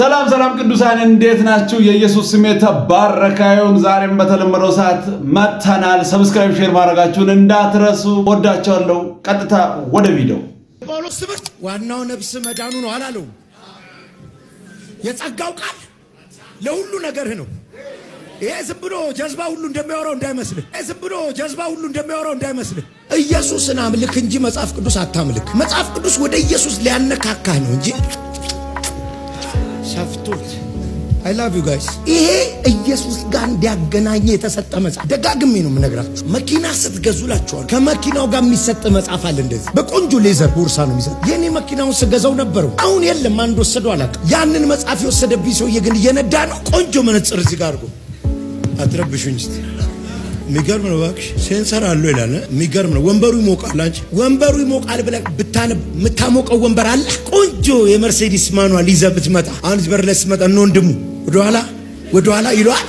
ሰላም ሰላም ቅዱሳን እንዴት ናችሁ? የኢየሱስ ስም የተባረከ ይሁን። ዛሬም በተለመደው ሰዓት መጥተናል። ሰብስክራይብ፣ ሼር ማድረጋችሁን እንዳትረሱ። ወዳቸዋለሁ። ቀጥታ ወደ ቪዲዮ። ጳውሎስ ትምህርት ዋናው ነፍስ መዳኑ ነው አላለው። የጸጋው ቃል ለሁሉ ነገርህ ነው። ይሄ ዝም ብሎ ጀዝባ ሁሉ እንደሚያወራው እንዳይመስልህ። ይሄ ዝም ብሎ ጀዝባ ሁሉ እንደሚያወራው እንዳይመስልህ። ኢየሱስን አምልክ እንጂ መጽሐፍ ቅዱስ አታምልክ። መጽሐፍ ቅዱስ ወደ ኢየሱስ ሊያነካካህ ነው እንጂ አይ ላቭ ዩ ጋይስ። ይሄ ኢየሱስ ጋር እንዲያገናኘ የተሰጠ መጽሐፍ፣ ደጋግሜ ነው የምነግራችሁ። መኪና ስትገዙላችኋል ከመኪናው ጋር የሚሰጥ መጽሐፍ አለ። እንደዚህ በቆንጆ ሌዘር ቦርሳ ነው የሚሰጥ። የኔ መኪናውን ስገዛው ነበረው፣ አሁን የለም፣ አንድ ወሰዶ አላውቅም። ያንን መጽሐፍ የወሰደብኝ ሰውዬ ግን እየነዳ ነው። ቆንጆ መነጽር እዚህ ጋር አድርጎ አትረብሹኝ እስቲ የሚገርም ነው እባክሽ፣ ሴንሰር አለው ይላል። የሚገርም ነው። ወንበሩ ይሞቃል። አንቺ ወንበሩ ይሞቃል ብለህ ብታነብ የምታሞቀው ወንበር አለ። ቆንጆ የመርሴዲስ ማኗል ይዘህ ብትመጣ አንድ በር ላይ ስትመጣ እነ ወንድሙ ወደኋላ ወደኋላ ይሏል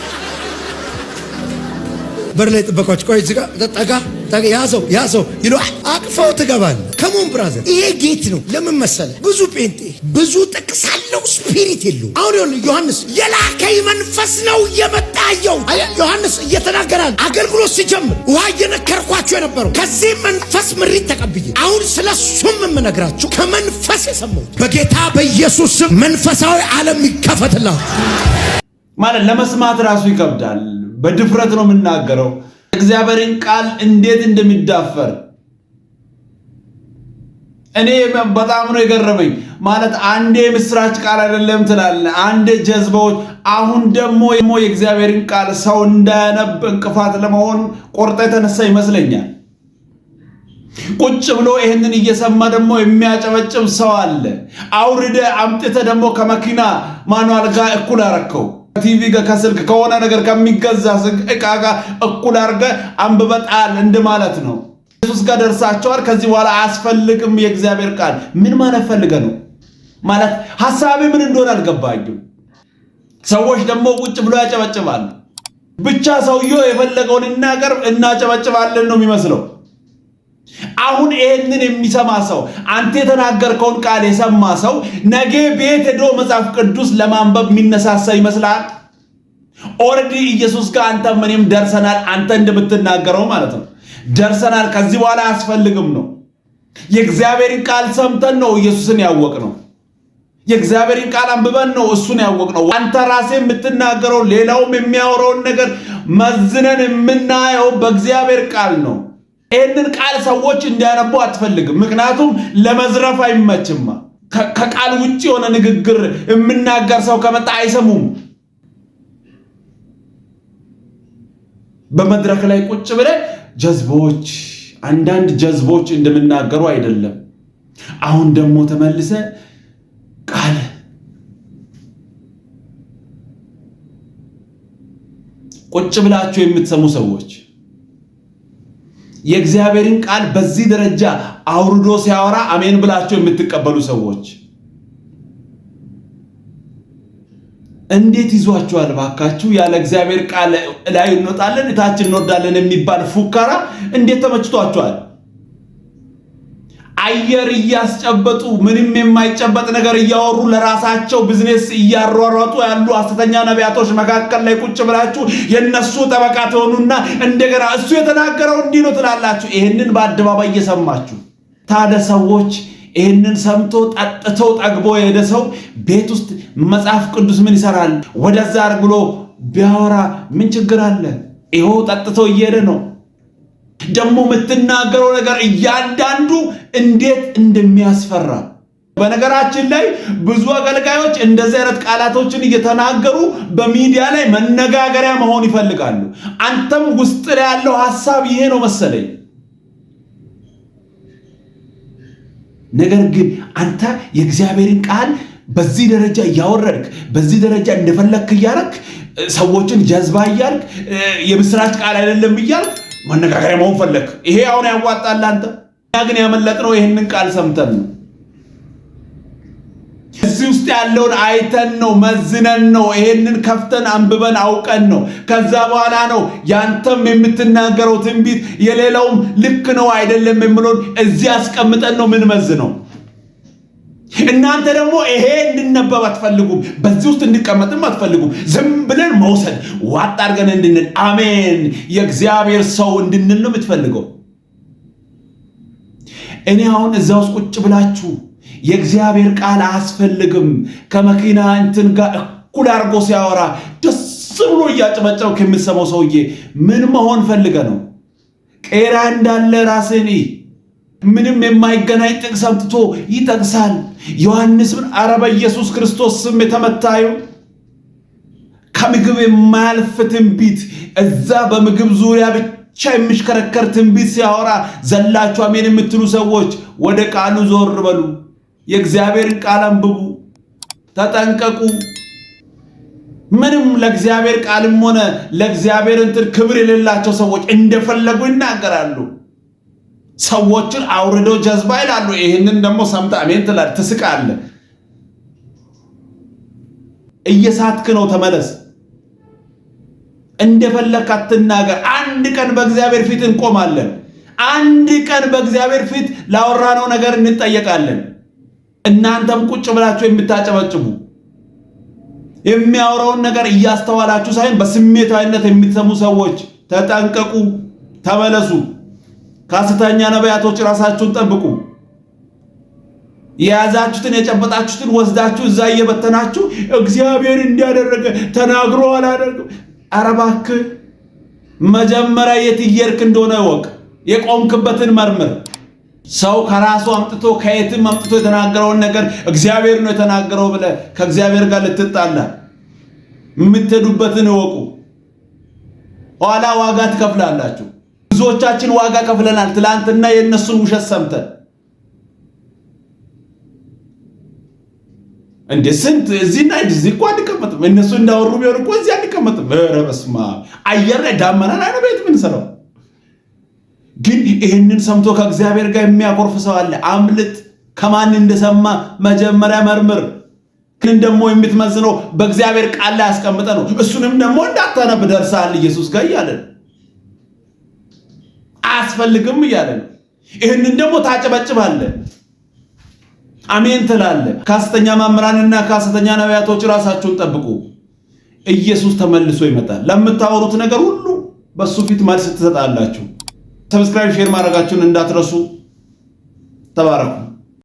በር ላይ ጥበቃዎች ቆይ ዝጋ ጠጋ ያ ሰው ያ አቅፈው ትገባል። ከሞን ብራዘር ይሄ ጌት ነው። ለምን መሰለ ብዙ ጴንጤ ብዙ ጥቅስ አለው ስፒሪት የለው። አሁን ይሁን ዮሐንስ የላከኝ መንፈስ ነው የመጣየው የው ዮሐንስ እየተናገራል። አገልግሎት ሲጀምር ውሃ እየነከርኳቸው የነበረው ከዚህ መንፈስ ምሪት ተቀብዬ አሁን ስለ እሱም የምነግራችሁ ከመንፈስ የሰማሁት በጌታ በኢየሱስ ስም መንፈሳዊ ዓለም ይከፈትላል። ማለት ለመስማት ራሱ ይከብዳል። በድፍረት ነው የምናገረው እግዚአብሔርን ቃል እንዴት እንደሚዳፈር እኔ በጣም ነው የገረመኝ። ማለት አንዴ የምስራች ቃል አይደለም ትላለ፣ አንዴ ጀዝባዎች፣ አሁን ደግሞ ሞ የእግዚአብሔርን ቃል ሰው እንዳያነብ እንቅፋት ለመሆን ቆርጠ የተነሳ ይመስለኛል። ቁጭ ብሎ ይህንን እየሰማ ደግሞ የሚያጨበጭብ ሰው አለ። አውርደ አምጥተ ደግሞ ከመኪና ማኗል ጋር እኩል አረከው። ቲቪ ጋር ከስልክ ከሆነ ነገር ከሚገዛ እቃ ጋር እኩል አድርገ አንብበጣል እንድ ማለት ነው። ኢየሱስ ጋር ደርሳቸዋል። ከዚህ በኋላ አያስፈልግም የእግዚአብሔር ቃል። ምን ማለት ፈልገ ነው ማለት ሐሳቤ ምን እንደሆነ አልገባኝም። ሰዎች ደግሞ ቁጭ ብሎ ያጨበጭባል። ብቻ ሰውየው የፈለገውን እናቀርብ እናጨበጭባለን ነው የሚመስለው። አሁን ይህንን የሚሰማ ሰው አንተ የተናገርከውን ቃል የሰማ ሰው ነገ ቤት ሄዶ መጽሐፍ ቅዱስ ለማንበብ የሚነሳሳ ይመስላል። ኦልሬዲ ኢየሱስ ጋር አንተ እኔም ደርሰናል። አንተ እንደምትናገረው ማለት ነው ደርሰናል። ከዚህ በኋላ አያስፈልግም ነው የእግዚአብሔርን ቃል ሰምተን ነው ኢየሱስን ያወቅ ነው። የእግዚአብሔርን ቃል አንብበን ነው እሱን ያወቅ ነው። አንተ ራሴ የምትናገረው ሌላውም የሚያወራውን ነገር መዝነን የምናየው በእግዚአብሔር ቃል ነው። ይህንን ቃል ሰዎች እንዲያነቡ አትፈልግም። ምክንያቱም ለመዝረፍ አይመችማ። ከቃል ውጭ የሆነ ንግግር የምናገር ሰው ከመጣ አይሰሙም። በመድረክ ላይ ቁጭ ብለ ጀዝቦች፣ አንዳንድ ጀዝቦች እንደምናገሩ አይደለም። አሁን ደግሞ ተመልሰ ቃል ቁጭ ብላችሁ የምትሰሙ ሰዎች የእግዚአብሔርን ቃል በዚህ ደረጃ አውርዶ ሲያወራ አሜን ብላቸው የምትቀበሉ ሰዎች እንዴት ይዟችኋል? ባካችሁ ያለ እግዚአብሔር ቃል ላይ እንወጣለን፣ እታችን እንወርዳለን የሚባል ፉከራ እንዴት ተመችቷችኋል? አየር እያስጨበጡ ምንም የማይጨበጥ ነገር እያወሩ ለራሳቸው ቢዝነስ እያሯሯጡ ያሉ ሐሰተኛ ነቢያቶች መካከል ላይ ቁጭ ብላችሁ የነሱ ጠበቃ ትሆኑና እንደገና እሱ የተናገረው እንዲህ ነው ትላላችሁ። ይህንን በአደባባይ እየሰማችሁ ታደ ሰዎች ይህንን ሰምቶ ጠጥተው ጠግቦ የሄደ ሰው ቤት ውስጥ መጽሐፍ ቅዱስ ምን ይሰራል? ወደዛ አርግሎ ቢያወራ ምን ችግር አለ? ይኸው ጠጥተው እየሄደ ነው። ደግሞ የምትናገረው ነገር እያንዳንዱ እንዴት እንደሚያስፈራ በነገራችን ላይ ብዙ አገልጋዮች እንደዚህ አይነት ቃላቶችን እየተናገሩ በሚዲያ ላይ መነጋገሪያ መሆን ይፈልጋሉ። አንተም ውስጥ ላይ ያለው ሀሳብ ይሄ ነው መሰለኝ። ነገር ግን አንተ የእግዚአብሔርን ቃል በዚህ ደረጃ እያወረድክ በዚህ ደረጃ እንደፈለክ እያረክ ሰዎችን ጀዝባ እያልክ የምስራች ቃል አይደለም እያልክ መነጋገሪያ መሆን ፈለግ። ይሄ አሁን ያዋጣል አንተ። እኛ ግን ያመለጥነው ይህንን ቃል ሰምተን ነው። እዚህ ውስጥ ያለውን አይተን ነው፣ መዝነን ነው፣ ይሄንን ከፍተን አንብበን አውቀን ነው። ከዛ በኋላ ነው ያንተም የምትናገረው ትንቢት የሌላውም ልክ ነው አይደለም የምለውን እዚህ አስቀምጠን ነው ምን መዝነው እናንተ ደግሞ ይሄ እንድነበብ አትፈልጉም። በዚህ ውስጥ እንድቀመጥም አትፈልጉም። ዝም ብለን መውሰድ ዋጥ አድርገን እንድንል አሜን፣ የእግዚአብሔር ሰው እንድንል ነው የምትፈልገው። እኔ አሁን እዛ ውስጥ ቁጭ ብላችሁ የእግዚአብሔር ቃል አያስፈልግም ከመኪና እንትን ጋር እኩል አድርጎ ሲያወራ ደስ ብሎ እያጨበጨብክ የምትሰማው ሰውዬ ምን መሆን ፈልገ ነው? ቄራ እንዳለ ራስን ምንም የማይገናኝ ጥቅስ አምጥቶ ይጠቅሳል። ዮሐንስ ምን አረበ ኢየሱስ ክርስቶስ ስም የተመታዩ ከምግብ የማያልፍ ትንቢት እዛ በምግብ ዙሪያ ብቻ የሚሽከረከር ትንቢት ሲያወራ ዘላችሁ አሜን የምትሉ ሰዎች ወደ ቃሉ ዞር በሉ። የእግዚአብሔርን ቃል አንብቡ፣ ተጠንቀቁ። ምንም ለእግዚአብሔር ቃልም ሆነ ለእግዚአብሔር እንትን ክብር የሌላቸው ሰዎች እንደፈለጉ ይናገራሉ። ሰዎችን አውርዶ ጀዝባ ይላሉ። ይህንን ደግሞ ሰምተህ አሜን ትላለህ፣ ትስቃለህ። እየሳትክ ነው። ተመለስ። እንደፈለክ አትናገር። አንድ ቀን በእግዚአብሔር ፊት እንቆማለን። አንድ ቀን በእግዚአብሔር ፊት ላወራነው ነገር እንጠየቃለን። እናንተም ቁጭ ብላችሁ የምታጨበጭቡ የሚያወራውን ነገር እያስተዋላችሁ ሳይሆን በስሜታዊነት የሚሰሙ ሰዎች ተጠንቀቁ፣ ተመለሱ። ከሐሰተኛ ነቢያቶች ራሳችሁን ጠብቁ። የያዛችሁትን የጨበጣችሁትን ወስዳችሁ እዛ እየበተናችሁ እግዚአብሔር እንዲያደረገ ተናግሮ አላደርግ ኧረ እባክህ መጀመሪያ የት እየሄድክ እንደሆነ እወቅ። የቆምክበትን መርምር። ሰው ከራሱ አምጥቶ ከየትም አምጥቶ የተናገረውን ነገር እግዚአብሔር ነው የተናገረው ብለ ከእግዚአብሔር ጋር ልትጣላ የምትሄዱበትን እወቁ። ኋላ ዋጋ ትከፍላላችሁ። ብዙዎቻችን ዋጋ ከፍለናል። ትላንትና የእነሱን ውሸት ሰምተን እንዴ ስንት እዚህና እዚህ እኮ አንቀመጥም። እነሱ እንዳወሩ ቢሆን እኮ እዚህ አንቀመጥም። ኧረ በስመ አብ አየር ላይ ዳመናን አይነ ቤት የምንሰራው። ግን ይህንን ሰምቶ ከእግዚአብሔር ጋር የሚያኮርፍ ሰው አለ። አምልጥ። ከማን እንደሰማ መጀመሪያ መርምር። ግን ደግሞ የምትመዝነው በእግዚአብሔር ቃል ላይ ያስቀምጠ ነው። እሱንም ደግሞ እንዳታነብ ደርሰሃል ኢየሱስ ጋር እያለን አያስፈልግም እያለ ነው። ይህንን ደግሞ አለ አሜን ትላለ። ከሐሰተኛ መምህራንና ከሐሰተኛ ነቢያቶች ራሳችሁን ጠብቁ። ኢየሱስ ተመልሶ ይመጣል። ለምታወሩት ነገር ሁሉ በሱ ፊት መልስ ትሰጣላችሁ። ሰብስክራይብ፣ ሼር ማድረጋችሁን እንዳትረሱ። ተባረኩ።